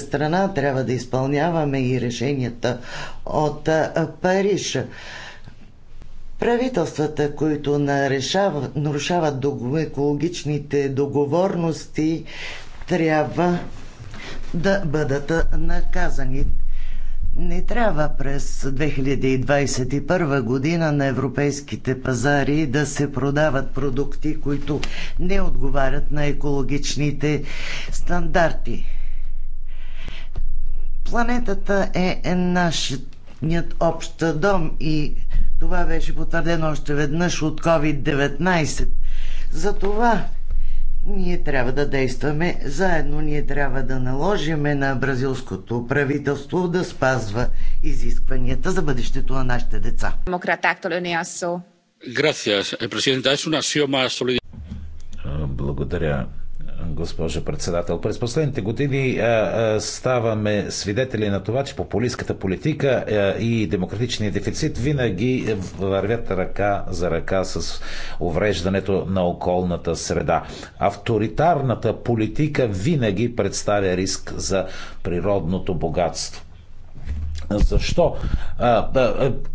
страна трябва да изпълняваме и решенията от Париж. Правителствата, които нарешава, нарушават екологичните договорности, трябва да бъдат наказани. Не трябва през 2021 година на европейските пазари да се продават продукти, които не отговарят на екологичните стандарти. Планетата е нашият общ дом и това беше потвърдено още веднъж от COVID-19. Затова ние трябва да действаме заедно. Ние трябва да наложиме на бразилското правителство да спазва изискванията за бъдещето на нашите деца. Е, Благодаря госпожо председател. През последните години ставаме свидетели на това, че популистската политика и демократичният дефицит винаги вървят ръка за ръка с увреждането на околната среда. Авторитарната политика винаги представя риск за природното богатство. Защо?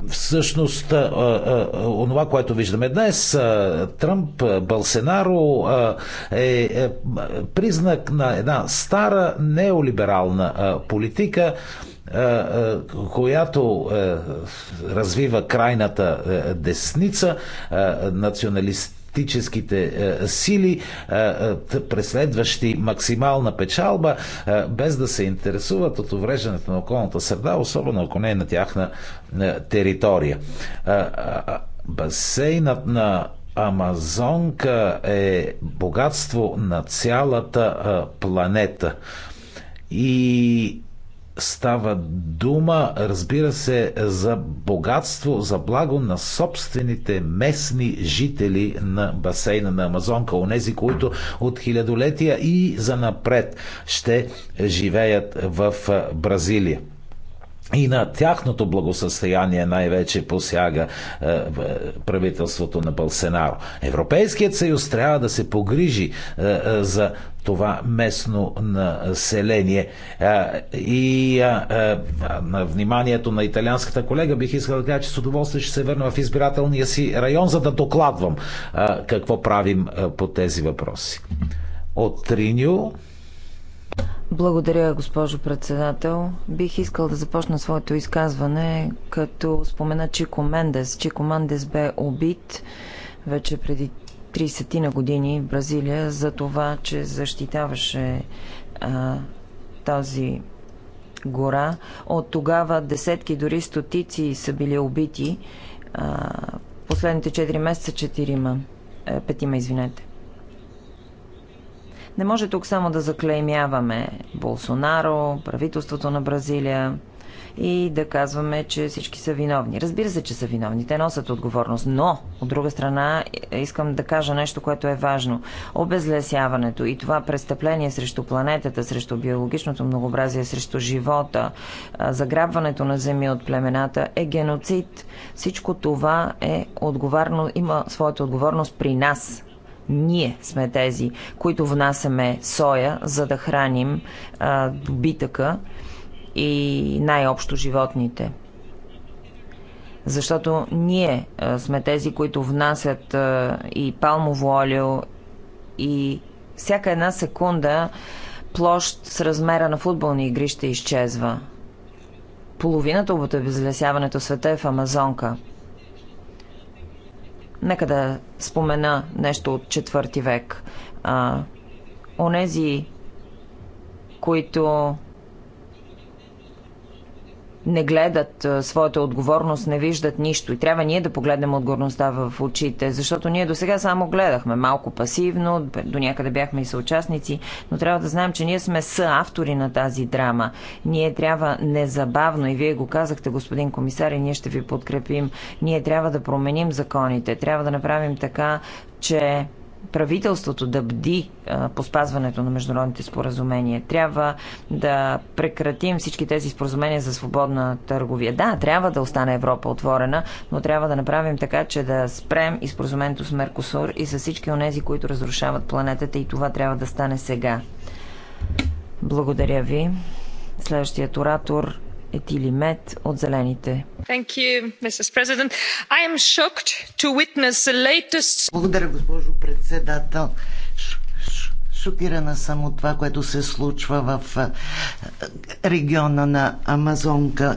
Всъщност, онова, което виждаме днес, Тръмп, Балсенаро е, е признак на една стара неолиберална политика, която е, развива крайната е, десница, националист политическите е, сили, е, е, преследващи максимална печалба, без да се интересуват от увреждането на околната среда, особено ако не е на тяхна територия. Басейнът на Амазонка е богатство на цялата планета. И Става дума, разбира се, за богатство, за благо на собствените местни жители на басейна на Амазонка, онези, които от хилядолетия и занапред ще живеят в Бразилия. И на тяхното благосъстояние най-вече посяга е, е правителството на Балсенаро. Европейският съюз трябва да се погрижи е, е за това местно население. Е, и на вниманието на италианската колега бих искал да кажа, че с удоволствие ще се върна в избирателния си район, за да докладвам какво правим по тези въпроси. От Триньо. Благодаря, госпожо председател. Бих искал да започна своето изказване, като спомена Чико Мендес. Чико Мендес бе убит вече преди 30 на години в Бразилия за това, че защитаваше а, тази гора. От тогава десетки, дори стотици са били убити. А, последните 4 месеца 5 е, петима, извинете. Не може тук само да заклеймяваме Болсонаро, правителството на Бразилия и да казваме, че всички са виновни. Разбира се, че са виновни. Те носят отговорност. Но, от друга страна, искам да кажа нещо, което е важно. Обезлесяването и това престъпление срещу планетата, срещу биологичното многообразие, срещу живота, заграбването на земи от племената е геноцид. Всичко това е отговорно, има своята отговорност при нас, ние сме тези, които внасяме соя, за да храним добитъка и най-общо животните. Защото ние а, сме тези, които внасят а, и палмово олио и всяка една секунда площ с размера на футболни игри ще изчезва. Половината от обезлесяването света е в Амазонка – Нека да спомена нещо от четвърти век. А, онези, които не гледат своята отговорност, не виждат нищо. И трябва ние да погледнем отговорността в очите, защото ние до сега само гледахме малко пасивно, до някъде бяхме и съучастници, но трябва да знаем, че ние сме съавтори на тази драма. Ние трябва незабавно, и вие го казахте, господин комисар, и ние ще ви подкрепим, ние трябва да променим законите, трябва да направим така, че правителството да бди по спазването на международните споразумения. Трябва да прекратим всички тези споразумения за свободна търговия. Да, трябва да остане Европа отворена, но трябва да направим така, че да спрем и споразумението с Меркосур и с всички онези, които разрушават планетата и това трябва да стане сега. Благодаря ви. Следващият оратор етилимет от зелените. Благодаря, госпожо председател. Шокирана съм от това, което се случва в региона на Амазонка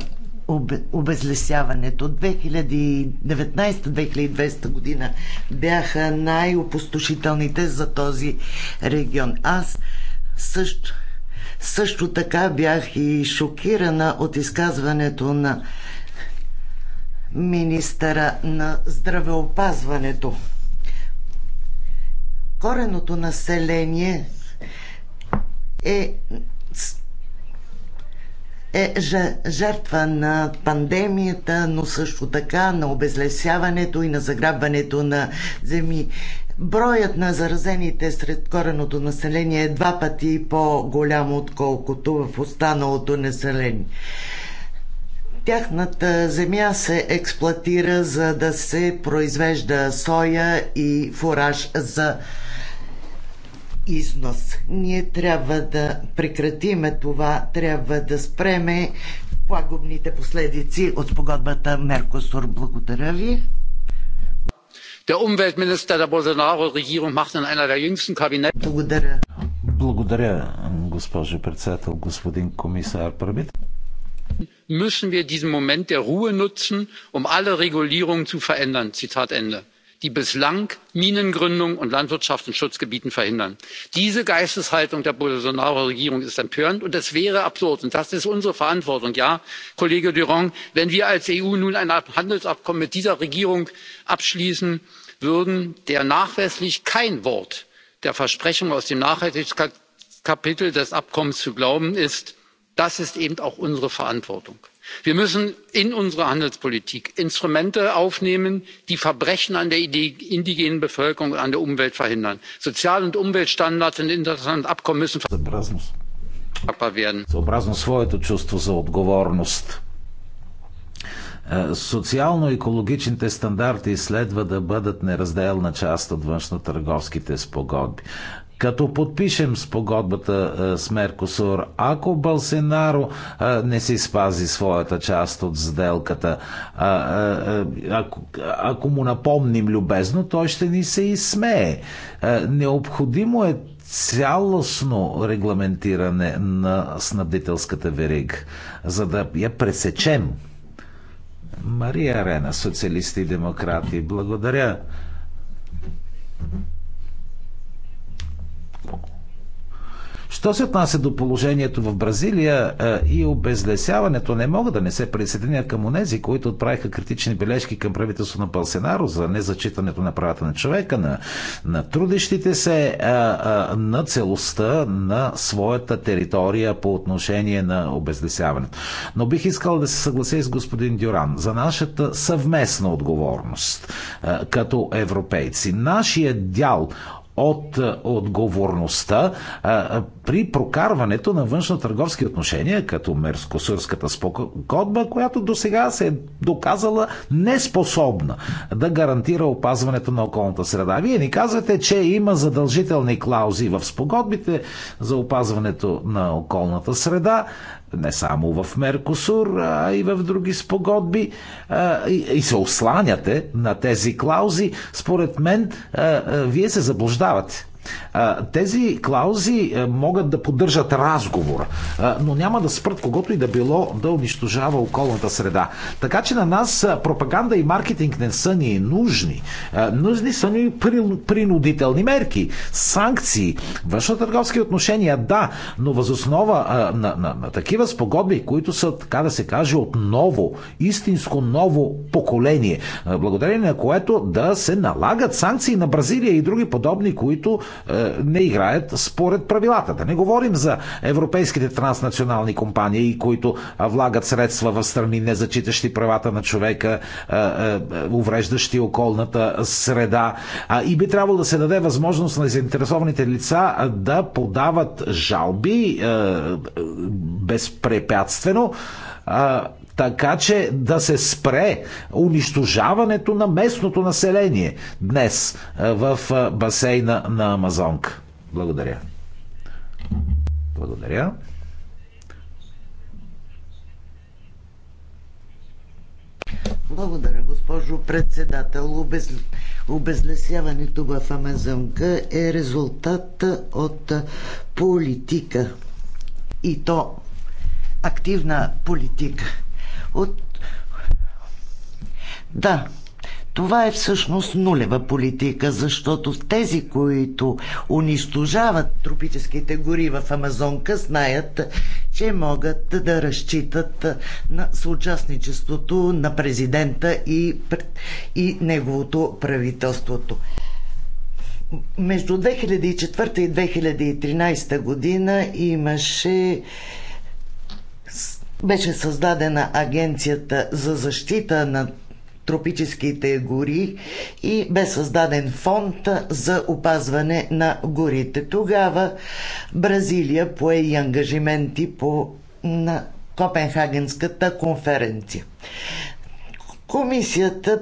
обезлесяването. 2019-2020 година бяха най-опустошителните за този регион. Аз също също така бях и шокирана от изказването на министъра на здравеопазването. Кореното население е е жертва на пандемията, но също така на обезлесяването и на заграбването на земи. Броят на заразените сред кореното население е два пъти по-голям, отколкото в останалото население. Тяхната земя се експлатира за да се произвежда соя и фураж за износ. Ние трябва да прекратиме това, трябва да спреме пагубните последици от спогодбата Меркосур. Благодаря ви. Der Umweltminister der Bolsonaro-Regierung macht in einer der jüngsten Kabinett... müssen wir diesen moment der ruhe nutzen um alle regulierungen zu verändern. zitat ende die bislang minengründung und landwirtschaft in schutzgebieten verhindern. diese geisteshaltung der bolsonaro regierung ist empörend und es wäre absurd und das ist unsere verantwortung ja kollege durand wenn wir als eu nun ein handelsabkommen mit dieser regierung abschließen würden der nachweislich kein wort der Versprechung aus dem nachhaltigkeitskapitel des abkommens zu glauben ist. das ist eben auch unsere verantwortung wir müssen in unsere handelspolitik instrumente aufnehmen die verbrechen an der indigenen bevölkerung und an der umwelt verhindern. sozial und umweltstandards in internationalen abkommen müssen verankert werden. Социално-екологичните стандарти следва да бъдат неразделна част от външнотърговските спогодби като подпишем спогодбата е, с Меркосур, ако Балсенаро е, не си спази своята част от сделката, е, ако, ако му напомним любезно, той ще ни се изсмее. Необходимо е цялостно регламентиране на снабдителската верига, за да я пресечем. Мария Рена, социалисти и демократи, благодаря. Що се отнася до положението в Бразилия и обезлесяването, не мога да не се присъединя към онези, които отправиха критични бележки към правителството на Пълсенаро за незачитането на правата на човека, на, на трудещите се, на целостта на своята територия по отношение на обезлесяването. Но бих искал да се съглася и с господин Дюран за нашата съвместна отговорност като европейци. Нашия дял от е, отговорността а, е, при прокарването на външно-търговски отношения, като Мерскосурската спогодба, която до сега се е доказала неспособна да гарантира опазването на околната среда. Вие ни казвате, че има задължителни клаузи в спогодбите за опазването на околната среда не само в Меркосур, а и в други спогодби и се осланяте на тези клаузи, според мен вие се заблуждавате. Тези клаузи могат да поддържат разговор, но няма да спрат когото и да било да унищожава околната среда. Така че на нас пропаганда и маркетинг не са ни нужни. Нужни са ни принудителни мерки, санкции, външно-търговски отношения, да, но възоснова на, на, на такива спогодби, които са, така да се каже, от ново, истинско ново поколение, благодарение на което да се налагат санкции на Бразилия и други подобни, които е, не играят според правилата. Да не говорим за европейските транснационални компании, които влагат средства в страни, не зачитащи правата на човека, е, е, увреждащи околната среда. И би трябвало да се даде възможност на заинтересованите лица да подават жалби безпрепятствено така че да се спре унищожаването на местното население днес е, в е, басейна на Амазонка. Благодаря. Благодаря. Благодаря, госпожо председател. Обез... Обезлесяването в Амазонка е резултат от политика. И то активна политика от... Да, това е всъщност нулева политика, защото тези, които унищожават тропическите гори в Амазонка, знаят, че могат да разчитат на съучастничеството на президента и, и неговото правителството. Между 2004 и 2013 година имаше беше създадена Агенцията за защита на тропическите гори и бе създаден фонд за опазване на горите. Тогава Бразилия пое и ангажименти по, на Копенхагенската конференция. Комисията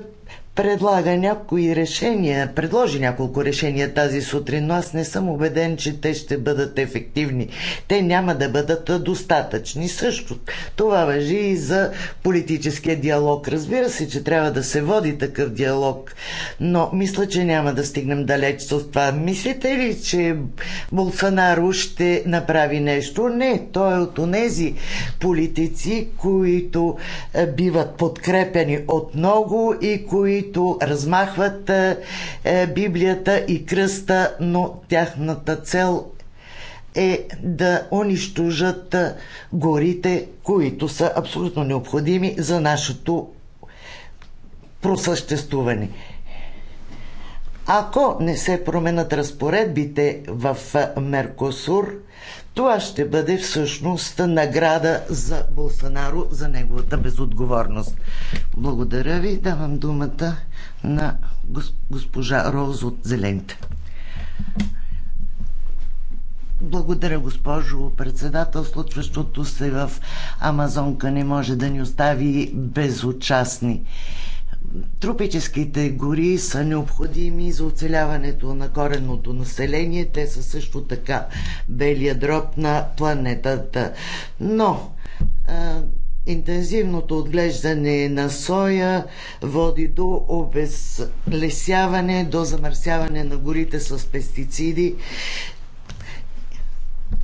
предлага някои решения, предложи няколко решения тази сутрин, но аз не съм убеден, че те ще бъдат ефективни. Те няма да бъдат достатъчни. Също това въжи и за политическия диалог. Разбира се, че трябва да се води такъв диалог, но мисля, че няма да стигнем далеч с това. Мислите ли, че Болсонаро ще направи нещо? Не, той е от онези политици, които е, биват подкрепени от много и които които размахват е, е, Библията и кръста, но тяхната цел е да унищожат е, горите, които са абсолютно необходими за нашето просъществуване. Ако не се променят разпоредбите в Меркосур, това ще бъде всъщност награда за Болсонаро за неговата безотговорност. Благодаря ви. Давам думата на госпожа Роуз от Зелените. Благодаря, госпожо председател. Случващото се в Амазонка не може да ни остави безучастни. Тропическите гори са необходими за оцеляването на коренното население. Те са също така белия дроб на планетата. Но а, интензивното отглеждане на соя води до обезлесяване, до замърсяване на горите с пестициди.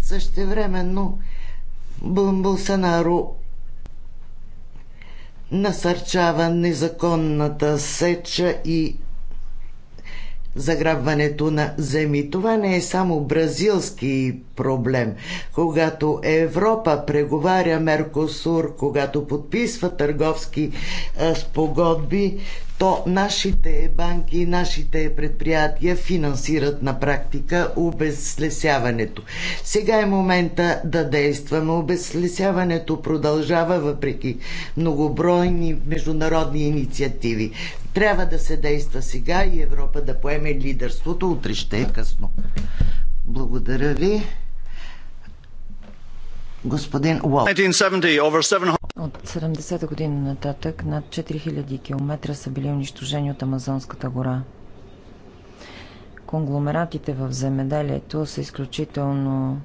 Същевременно Бълбълсанаро насърчава незаконната сеча и заграбването на земи. Това не е само бразилски проблем. Когато Европа преговаря Меркосур, когато подписва търговски спогодби, то нашите банки, нашите предприятия финансират на практика обезлесяването. Сега е момента да действаме. Обезлесяването продължава въпреки многобройни международни инициативи. Трябва да се действа сега и Европа да поеме лидерството. Утре ще е късно. Благодаря ви. Господин Уолт. От 70-та година нататък над 4000 км са били унищожени от Амазонската гора. Конгломератите в земеделието са изключително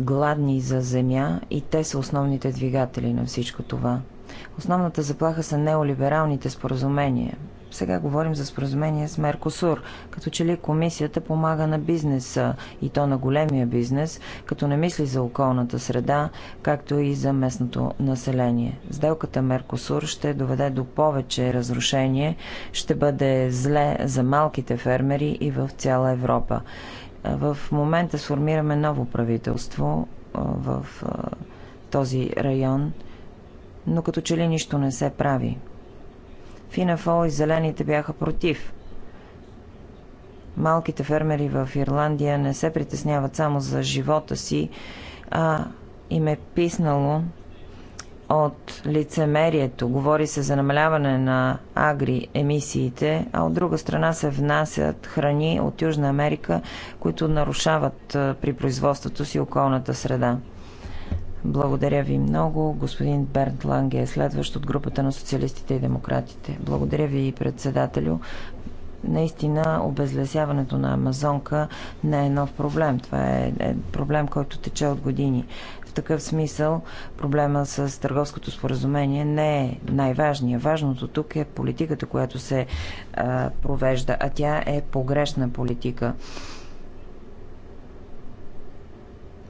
гладни за земя и те са основните двигатели на всичко това. Основната заплаха са неолибералните споразумения, сега говорим за споразумение с Меркосур. Като че ли комисията помага на бизнеса и то на големия бизнес, като не мисли за околната среда, както и за местното население. Сделката Меркосур ще доведе до повече разрушение, ще бъде зле за малките фермери и в цяла Европа. В момента сформираме ново правителство в този район, но като че ли нищо не се прави. Финафол и Зелените бяха против. Малките фермери в Ирландия не се притесняват само за живота си, а им е писнало от лицемерието. Говори се за намаляване на агри емисиите, а от друга страна се внасят храни от Южна Америка, които нарушават при производството си околната среда. Благодаря ви много. Господин Бернт Ланге е следващ от групата на социалистите и демократите. Благодаря ви, председателю. Наистина, обезлесяването на Амазонка не е нов проблем. Това е, е проблем, който тече от години. В такъв смисъл проблема с търговското споразумение не е най-важният. Важното тук е политиката, която се а, провежда, а тя е погрешна политика.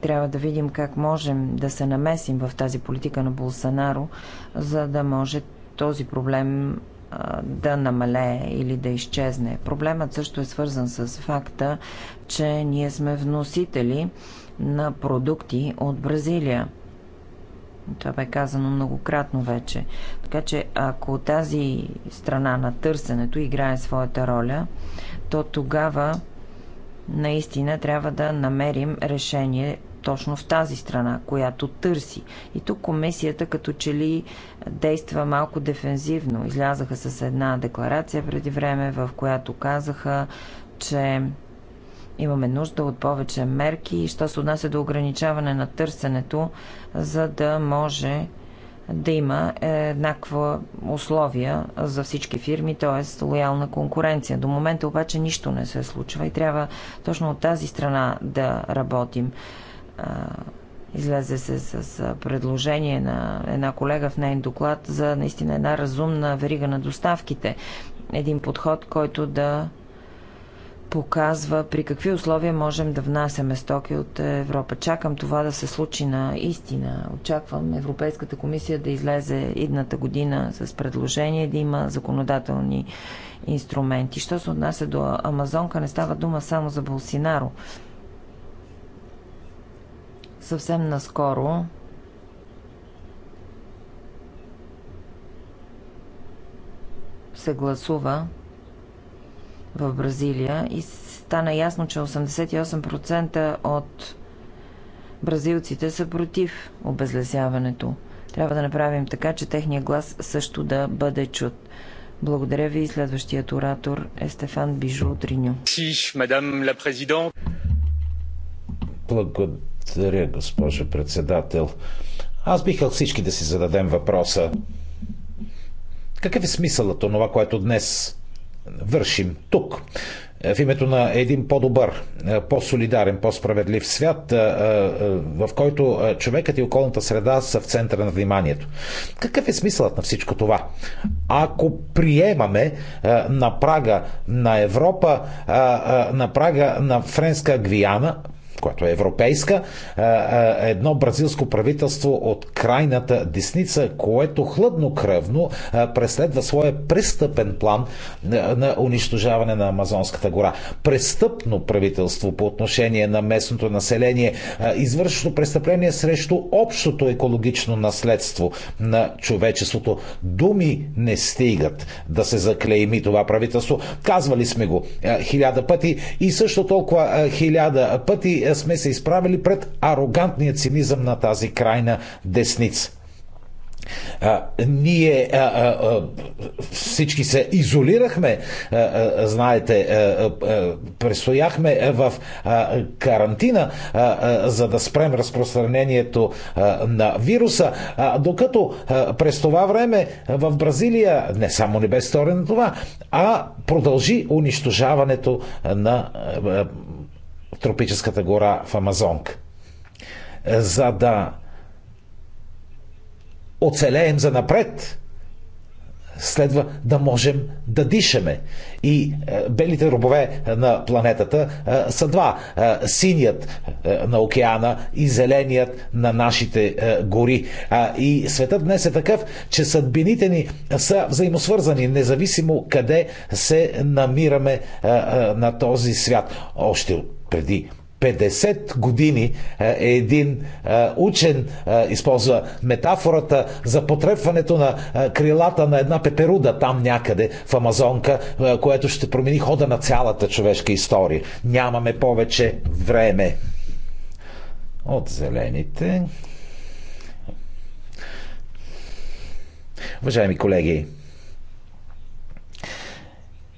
Трябва да видим как можем да се намесим в тази политика на Болсонаро, за да може този проблем да намалее или да изчезне. Проблемът също е свързан с факта, че ние сме вносители на продукти от Бразилия. Това бе казано многократно вече. Така че ако тази страна на търсенето играе своята роля, то тогава наистина трябва да намерим решение точно в тази страна, която търси. И тук комисията като че ли действа малко дефензивно. Излязаха с една декларация преди време, в която казаха, че имаме нужда от повече мерки и що се отнася до ограничаване на търсенето, за да може да има еднаква условия за всички фирми, т.е. лоялна конкуренция. До момента обаче нищо не се случва и трябва точно от тази страна да работим излезе се с предложение на една колега в нейн доклад за наистина една разумна верига на доставките. Един подход, който да показва при какви условия можем да внасяме стоки от Европа. Чакам това да се случи на истина. Очаквам Европейската комисия да излезе идната година с предложение да има законодателни инструменти. Що се отнася до Амазонка, не става дума само за Болсинаро съвсем наскоро се гласува в Бразилия и стана ясно, че 88% от бразилците са против обезлесяването. Трябва да направим така, че техния глас също да бъде чут. Благодаря ви. Следващият оратор е Стефан Бижу от Благодаря благодаря, госпожо председател. Аз бих всички да си зададем въпроса. Какъв е смисълът от това, което днес вършим тук? в името на един по-добър, по-солидарен, по-справедлив свят, в който човекът и околната среда са в центъра на вниманието. Какъв е смисълът на всичко това? Ако приемаме на прага на Европа, на прага на Френска Гвиана, която е европейска, едно бразилско правителство от крайната десница, което хладнокръвно преследва своя престъпен план на унищожаване на Амазонската гора. Престъпно правителство по отношение на местното население, извършено престъпление срещу общото екологично наследство на човечеството. Думи не стигат да се заклейми това правителство. Казвали сме го хиляда пъти и също толкова хиляда пъти България сме се изправили пред арогантния цинизъм на тази крайна десница. А, ние а, а, всички се изолирахме, а, а, знаете, а, а, престояхме в а, карантина, а, а, за да спрем разпространението а, на вируса, а, докато а, през това време в Бразилия не само не бе сторено това, а продължи унищожаването на а, тропическата гора в Амазонка. За да оцелеем за напред, следва да можем да дишаме. И е, белите робове е, на планетата е, са два. Е, синият е, на океана и зеленият на нашите е, гори. Е, и светът днес е такъв, че съдбините ни са взаимосвързани, независимо къде се намираме е, е, на този свят. Още преди 50 години е, е един е, учен използва метафората за потрепването на крилата на една пеперуда там някъде в Амазонка, което ще промени хода на цялата човешка история. Нямаме повече време. От зелените. Уважаеми колеги,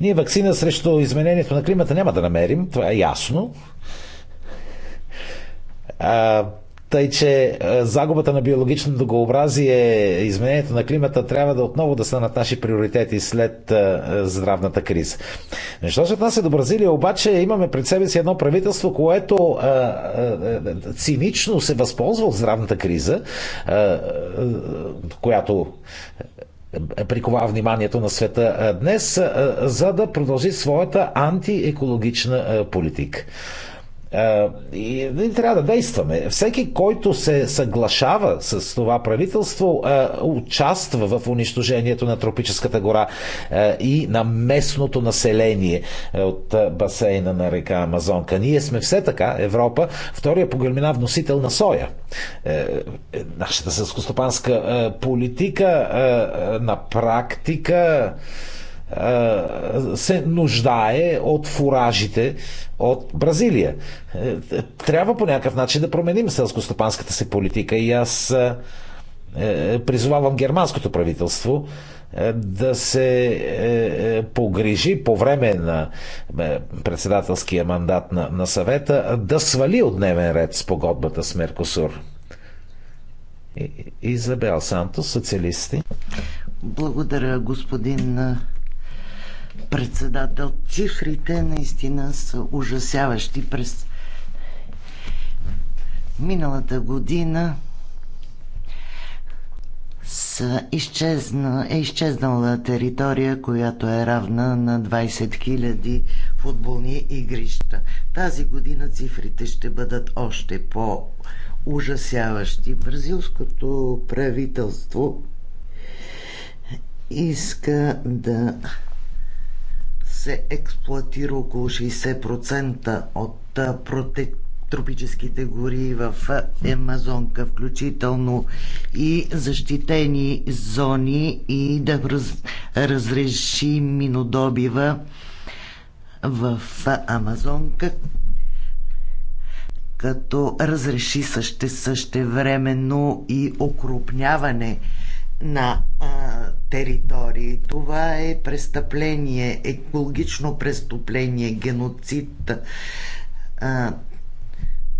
ние вакцина срещу изменението на климата няма да намерим, това е ясно. Тъй, че загубата на биологично многообразие, изменението на климата трябва да отново да станат наши приоритети след здравната криза. Що се отнася до Бразилия, обаче имаме пред себе си едно правителство, което а, а, цинично се възползва от здравната криза, а, която прикова вниманието на света днес, за да продължи своята антиекологична политика. И ние трябва да действаме. Всеки, който се съглашава с това правителство, участва в унищожението на тропическата гора и на местното население от басейна на река Амазонка. Ние сме все така, Европа, втория по големина вносител на соя. Е, е, нашата селскостопанска политика на практика се нуждае от фуражите от Бразилия. Е, трябва по някакъв начин да променим селско-стопанската си политика и аз е, призовавам германското правителство е, да се погрижи по време на председателския мандат на, на съвета да свали от дневен ред с погодбата с Меркосур. Изабел Сантос, социалисти. Благодаря, господин председател. Цифрите наистина са ужасяващи. През миналата година са изчезна, е изчезнала територия, която е равна на 20 000 футболни игрища. Тази година цифрите ще бъдат още по-ужасяващи. Бразилското правителство иска да се експлуатира около 60% от протек тропическите гори в Амазонка, включително и защитени зони и да раз, разреши минодобива в Амазонка, като разреши също временно и окрупняване на а, територии. Това е престъпление, екологично престъпление, геноцид.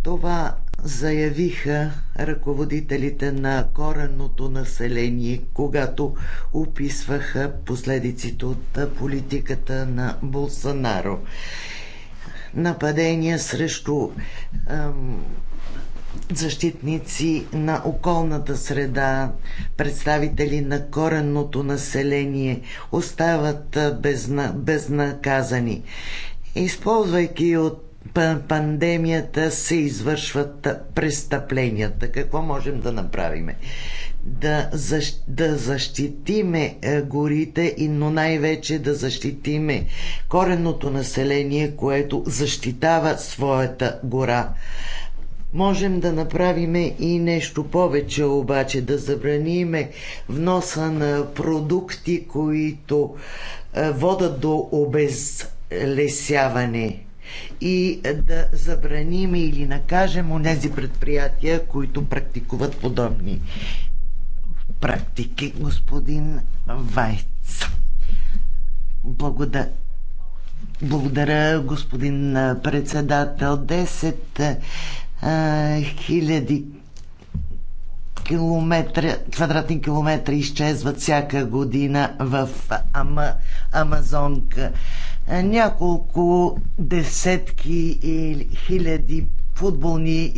това заявиха ръководителите на коренното население, когато описваха последиците от политиката на Болсонаро. Нападения срещу ем, защитници на околната среда, представители на коренното население остават безна, безнаказани. Използвайки от пандемията се извършват престъпленията. Какво можем да направим? Да, защ, да защитиме е, горите, но най-вече да защитиме коренното население, което защитава своята гора. Можем да направим и нещо повече, обаче да забраниме вноса на продукти, които е, водат до обезлесяване и да забраним или накажем онези предприятия, които практикуват подобни практики. Господин Вайц. Благодаря. Благодаря, господин председател. 10 а, хиляди километра, квадратни километри изчезват всяка година в Ама, Амазонка. Няколко десетки и хиляди футболни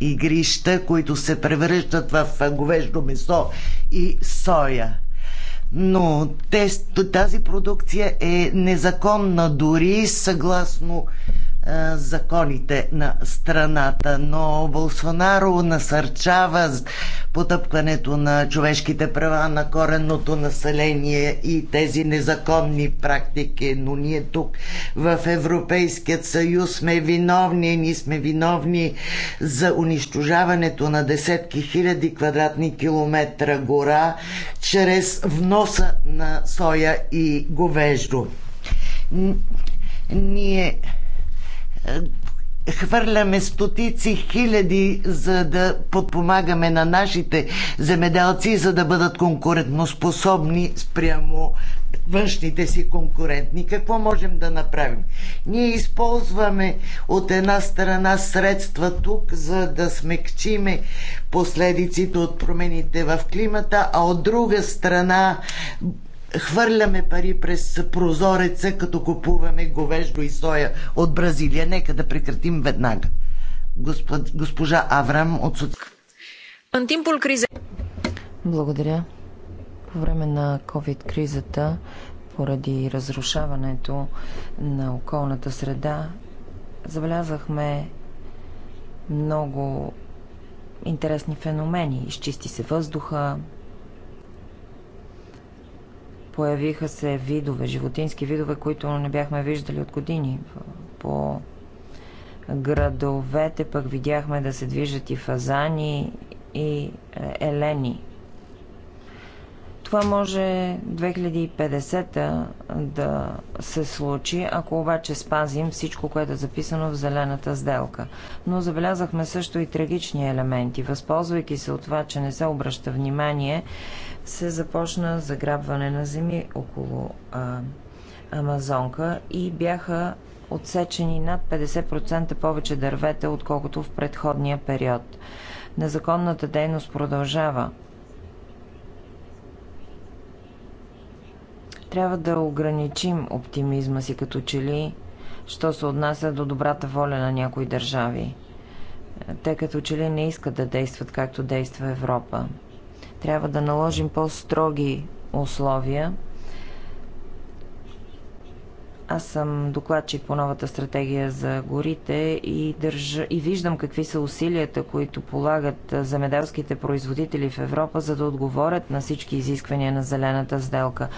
игрища, които се превръщат в говеждо месо и соя но тази продукция е незаконна дори съгласно е, законите на страната, но Болсонаро насърчава потъпкването на човешките права на коренното население и тези незаконни практики. Но ние тук в Европейският съюз сме виновни, ние сме виновни за унищожаването на десетки хиляди квадратни километра гора чрез вноса на соя и говеждо. Ние хвърляме стотици хиляди, за да подпомагаме на нашите земеделци, за да бъдат конкурентоспособни спрямо външните си конкурентни. Какво можем да направим? Ние използваме от една страна средства тук, за да смекчиме последиците от промените в климата, а от друга страна хвърляме пари през прозореца, като купуваме говеждо и соя от Бразилия. Нека да прекратим веднага. Господ, госпожа Аврам от криза. Благодаря. По време на COVID-кризата, поради разрушаването на околната среда, забелязахме много интересни феномени. Изчисти се въздуха, Появиха се видове, животински видове, които не бяхме виждали от години. По градовете пък видяхме да се движат и фазани, и е, елени. Това може 2050 да се случи, ако обаче спазим всичко, което е записано в зелената сделка. Но забелязахме също и трагични елементи. Възползвайки се от това, че не се обръща внимание се започна заграбване на земи около а, Амазонка и бяха отсечени над 50% повече дървета, отколкото в предходния период. Незаконната дейност продължава. Трябва да ограничим оптимизма си като че ли, що се отнася до добрата воля на някои държави. Те като че ли не искат да действат както действа Европа. Трябва да наложим по-строги условия аз съм докладчик по новата стратегия за горите и, държа, и виждам какви са усилията, които полагат земеделските производители в Европа, за да отговорят на всички изисквания на зелената сделка.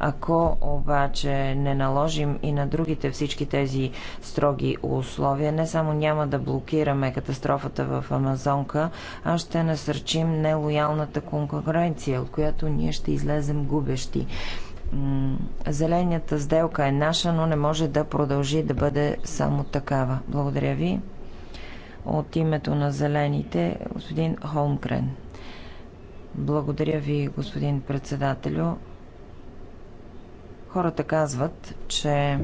Ако обаче не наложим и на другите всички тези строги условия, не само няма да блокираме катастрофата в Амазонка, а ще насърчим нелоялната конкуренция, от която ние ще излезем губещи. Зелената сделка е наша, но не може да продължи да бъде само такава. Благодаря ви. От името на зелените, господин Холмгрен. Благодаря ви, господин председателю. Хората казват, че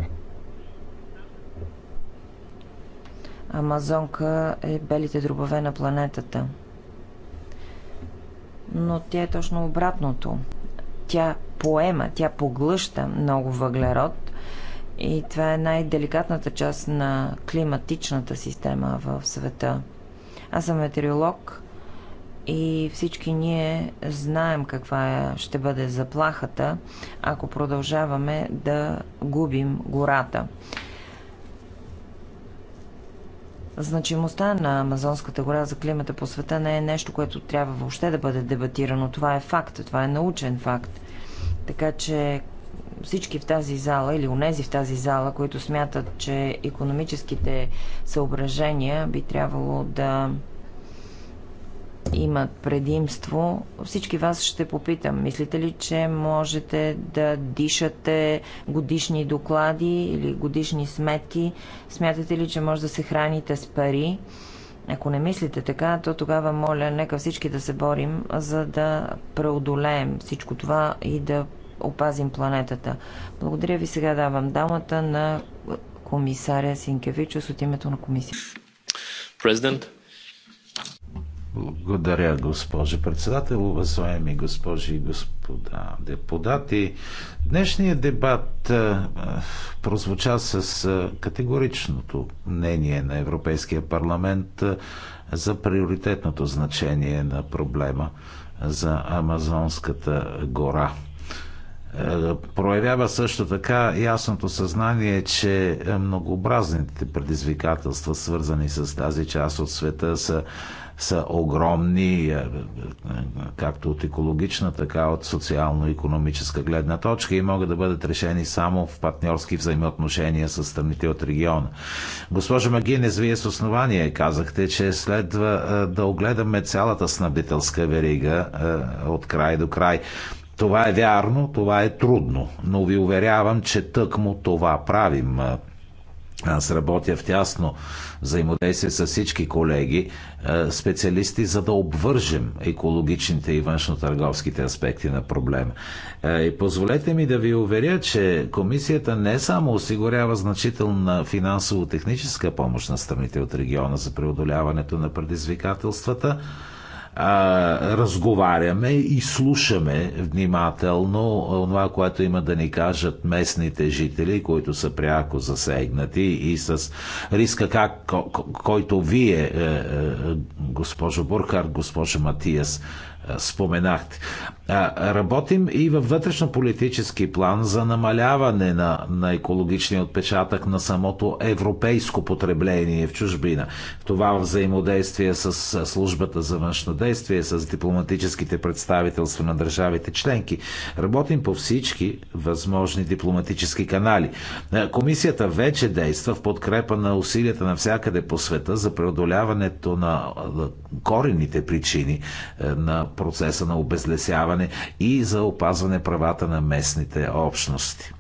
Амазонка е белите дробове на планетата. Но тя е точно обратното. Тя поема, тя поглъща много въглерод и това е най-деликатната част на климатичната система в света. Аз съм метеоролог и всички ние знаем каква е, ще бъде заплахата, ако продължаваме да губим гората. Значимостта на Амазонската гора за климата по света не е нещо, което трябва въобще да бъде дебатирано. Това е факт, това е научен факт. Така че всички в тази зала или унези в тази зала, които смятат, че економическите съображения би трябвало да имат предимство, всички вас ще попитам. Мислите ли, че можете да дишате годишни доклади или годишни сметки? Смятате ли, че може да се храните с пари? Ако не мислите така, то тогава моля, нека всички да се борим, за да преодолеем всичко това и да опазим планетата. Благодаря ви. Сега давам дамата на комисаря Синкевичус от името на комисията. Президент, благодаря, госпожо председател, уважаеми госпожи и господа депутати. Днешният дебат а, е, прозвуча с а, е, категоричното мнение на Европейския парламент а, е, за приоритетното значение на проблема за Амазонската гора. Проявява също така ясното съзнание, че многообразните предизвикателства, свързани с тази част от света, са са огромни, е, е, е, както от екологична, така от социално-економическа гледна точка и могат да бъдат решени само в партньорски взаимоотношения с страните от региона. Госпожо Магинес, вие с основание казахте, че следва да огледаме цялата снабдителска верига от край до край. Това е вярно, това е трудно, но ви уверявам, че тъкмо това правим аз работя в тясно взаимодействие с всички колеги, е, специалисти, за да обвържем екологичните и външно-търговските аспекти на проблема. Е, и позволете ми да ви уверя, че комисията не само осигурява значителна финансово-техническа помощ на страните от региона за преодоляването на предизвикателствата, разговаряме и слушаме внимателно това, което има да ни кажат местните жители, които са пряко засегнати и с риска, как, който вие, е, е, е, госпожо Бурхар, госпожо Матиас, споменахте. Работим и във вътрешно-политически план за намаляване на, на екологичния отпечатък на самото европейско потребление в чужбина. В това взаимодействие с службата за външно действие, с дипломатическите представителства на държавите членки. Работим по всички възможни дипломатически канали. Комисията вече действа в подкрепа на усилията навсякъде по света за преодоляването на корените причини на процеса на обезлесяване и за опазване правата на местните общности.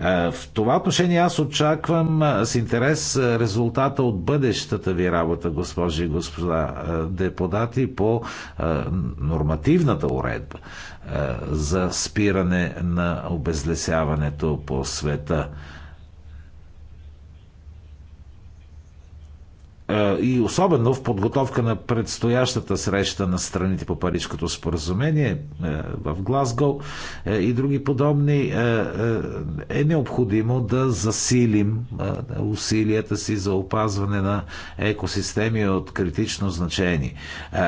Е, в това отношение аз очаквам е, с интерес е, резултата от бъдещата ви работа, госпожи и господа депутати, по нормативната уредба за спиране на обезлесяването по света. и особено в подготовка на предстоящата среща на страните по Парижското споразумение е, в Глазго е, и други подобни, е, е необходимо да засилим усилията си за опазване на екосистеми от критично значение.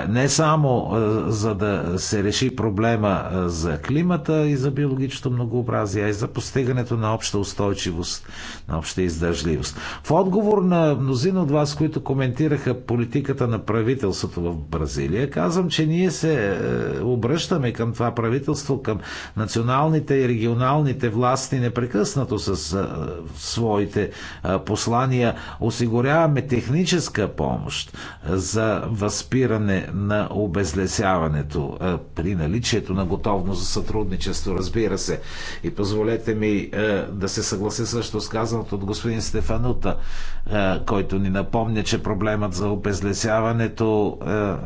Не само за да се реши проблема за климата и за биологичното многообразие, а и за постигането на обща устойчивост, на обща издържливост. В отговор на мнозина от вас, които коментираха политиката на правителството в Бразилия, казвам, че ние се е, обръщаме към това правителство, към националните и регионалните власти непрекъснато с е, своите е, послания. Осигуряваме техническа помощ за възпиране на обезлесяването при наличието на готовност за сътрудничество, разбира се. И позволете ми да се съглася също с казаното от господин Стефанута, който ни напомня, че че проблемът за обезлесяването е, е,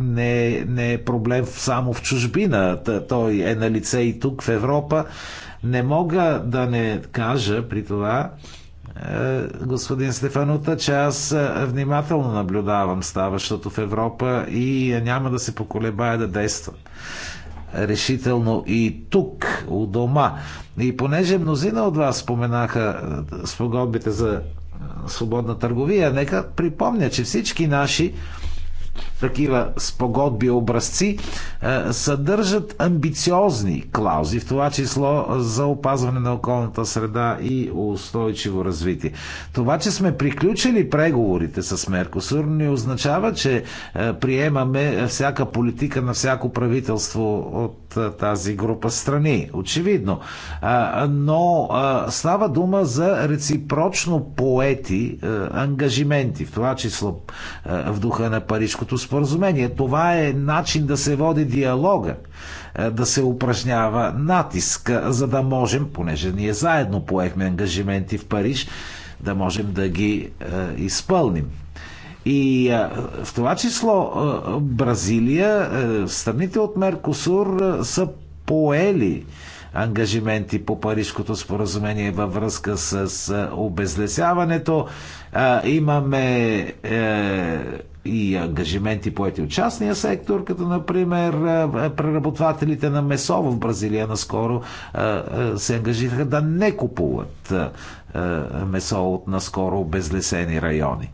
не, е, не е проблем само в чужбина. Той е на лице и тук в Европа. Не мога да не кажа при това, господин Стефанута, че аз внимателно наблюдавам ставащото в Европа и няма да се поколебая да действам решително и тук, у дома. И понеже мнозина от вас споменаха спогодбите за свободна търговия. Нека припомня, че всички наши такива спогодби образци, е, съдържат амбициозни клаузи, в това число за опазване на околната среда и устойчиво развитие. Това, че сме приключили преговорите с Меркосур, не означава, че е, приемаме всяка политика на всяко правителство от е, тази група страни. Очевидно. Но става дума за реципрочно поети ангажименти, в това число в духа на Парижкото споразумение споразумение. Това е начин да се води диалога, е, да се упражнява натиск, е, за да можем, понеже ние заедно поехме ангажименти в Париж, да можем да ги е, изпълним. И е, в това число е, Бразилия, е, страните от Меркосур е, са поели ангажименти по Парижското споразумение във връзка с е, обезлесяването. Имаме и ангажименти поети от частния сектор, като например преработвателите на месо в Бразилия наскоро се ангажираха да не купуват месо от наскоро обезлесени райони.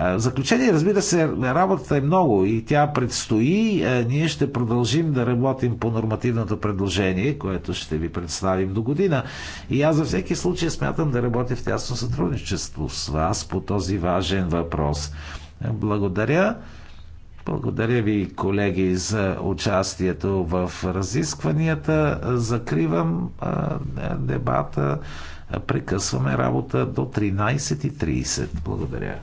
В заключение, разбира се, работата е много и тя предстои. Ние ще продължим да работим по нормативното предложение, което ще ви представим до година. И аз за всеки случай смятам да работя в тясно сътрудничество с вас по този важен въпрос. Благодаря. Благодаря ви, колеги, за участието в разискванията. Закривам а, дебата. Прекъсваме работа до 13.30. Благодаря.